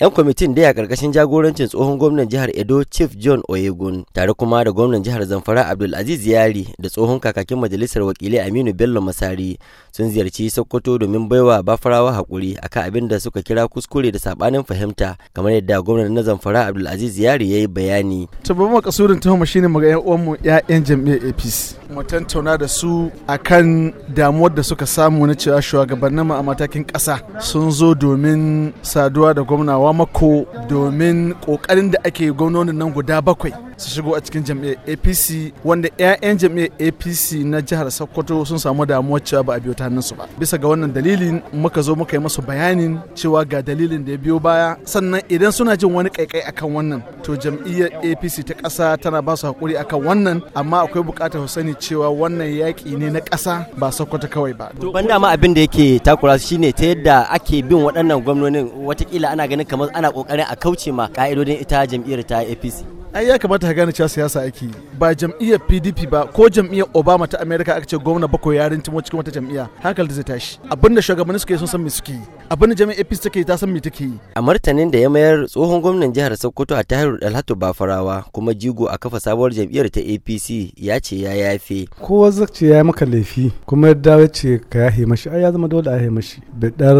'yan kwamitin dai a ƙarƙashin jagorancin tsohon gwamnan jihar edo chief john oyegun tare kuma da gwamnan jihar zamfara abdulaziz yari da tsohon kakakin majalisar wakilai aminu bello masari sun ziyarci sokoto domin baiwa bafarawa haƙuri akan abin da suka kira kuskure da saɓanin fahimta kamar yadda gwamnan na zamfara abdulaziz yari ya yi bayani. tabbar makasudin tuhuma shine mu ga 'yan uwanmu 'ya'yan jam'iyyar apc mu tantauna da su akan damuwar da suka samu na cewa shugabannin mu a matakin ƙasa sun zo domin saduwa da gwamnawa kawo mako domin ƙoƙarin da ake gwamnonin nan guda bakwai su shigo a cikin jam'iyyar apc wanda 'ya'yan jam'iyyar apc na jihar sokoto sun samu damuwar cewa ba a biyo ta su ba bisa ga wannan dalilin muka zo muka yi masu bayanin cewa ga dalilin da ya biyo baya sannan idan suna jin wani kaikai akan wannan to jam'iyyar apc ta ƙasa tana ba su haƙuri akan wannan amma akwai buƙatar su sani cewa wannan yaƙi ne na ƙasa ba sokoto kawai ba. to ban dama abin da yake takura shine ta yadda ake bin waɗannan gwamnonin watakila ana ganin kamar ana ƙoƙarin a kauce ma ka'idodin ita jam'iyyar ta apc. ai ya kamata ka gane cewa siyasa ake ba jam'iyyar pdp ba ko jam'iyyar obama ta america aka ce gwamna bakwai yarin cimo cikin wata jam'iyya hankali zai tashi abinda shugabanni suke sun san me suke yi abin da apc take ta san me take yi a martanin da ya mayar tsohon gwamnan jihar sokoto a tahiru dalhatu bafarawa kuma jigo a kafa sabuwar jam'iyyar ta apc ya ce ya yafe kowa zai ce ya maka laifi kuma yadda ya ce ka yahe mashi ai ya zama dole a yahe mashi dar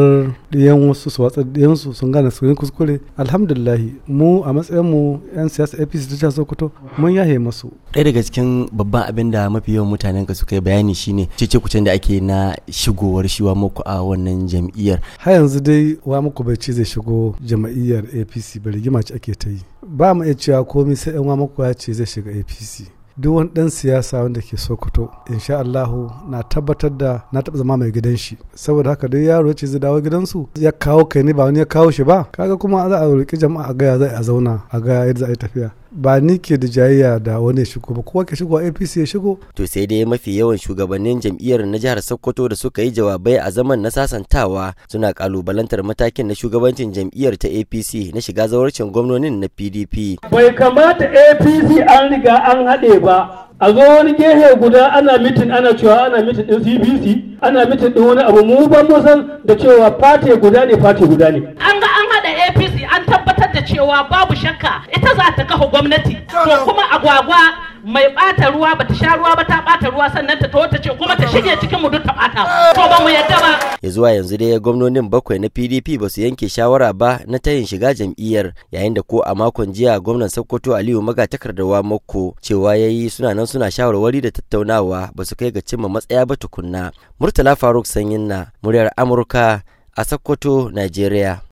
ɗiyan wasu su watsa ɗiyan su sun gane su kuskure alhamdulillahi mu a matsayin mu yan siyasa apc ta jihar sokoto mun yahe masu ɗaya daga cikin babban abin da mafi yawan mutanen ka suka yi bayani shine cece kucen da ake na shigowar shiwa muku a wannan jam'iyyar yanzu dai wa muku bai ce zai shigo jama'iyyar apc ba rigima ce ake ta yi ba mu iya cewa komai sai yan wa muku ya ce zai shiga apc duk wani dan siyasa wanda ke sokoto insha Allahu na tabbatar da na taba zama mai gidan shi saboda haka dai yaro ce zai dawo gidansu ya kawo kai ne ba wani ya kawo shi ba kaga kuma za a roki jama'a a gaya za a zauna a gaya yadda za a yi tafiya ba ni ke da jayayya da wani ya shigo ba kowa ke shigo apc ya shigo to sai dai mafi yawan shugabannin jam'iyyar na jihar sokoto da suka yi jawabai a zaman na sasantawa suna kalubalantar matakin na shugabancin jam'iyyar ta apc na shiga zawarcin gwamnonin na pdp bai kamata apc an riga an haɗe ba a zo wani gehe guda ana mitin ana cewa ana mitin din cbc ana mitin din wani abu mu ban mu san da cewa fate guda ne fate guda ne an ga tabbatar da cewa babu shakka ita za ta kafa gwamnati to kuma agwagwa mai bata ruwa bata sha ruwa ba ta bata ruwa sannan ta ta ce kuma ta shige cikin mu duk ta bata to ba mu yadda ba ya zuwa yanzu dai gwamnonin bakwai na PDP ba su yanke shawara ba na tayin shiga jam'iyyar yayin da ko a makon jiya gwamnan Sokoto Aliyu Maga takardawa Mako cewa yayi suna nan suna shawarwari da tattaunawa ba su kai ga cimma matsaya ba tukunna Murtala Faruk Sanyin na muryar Amurka a Sokoto Nigeria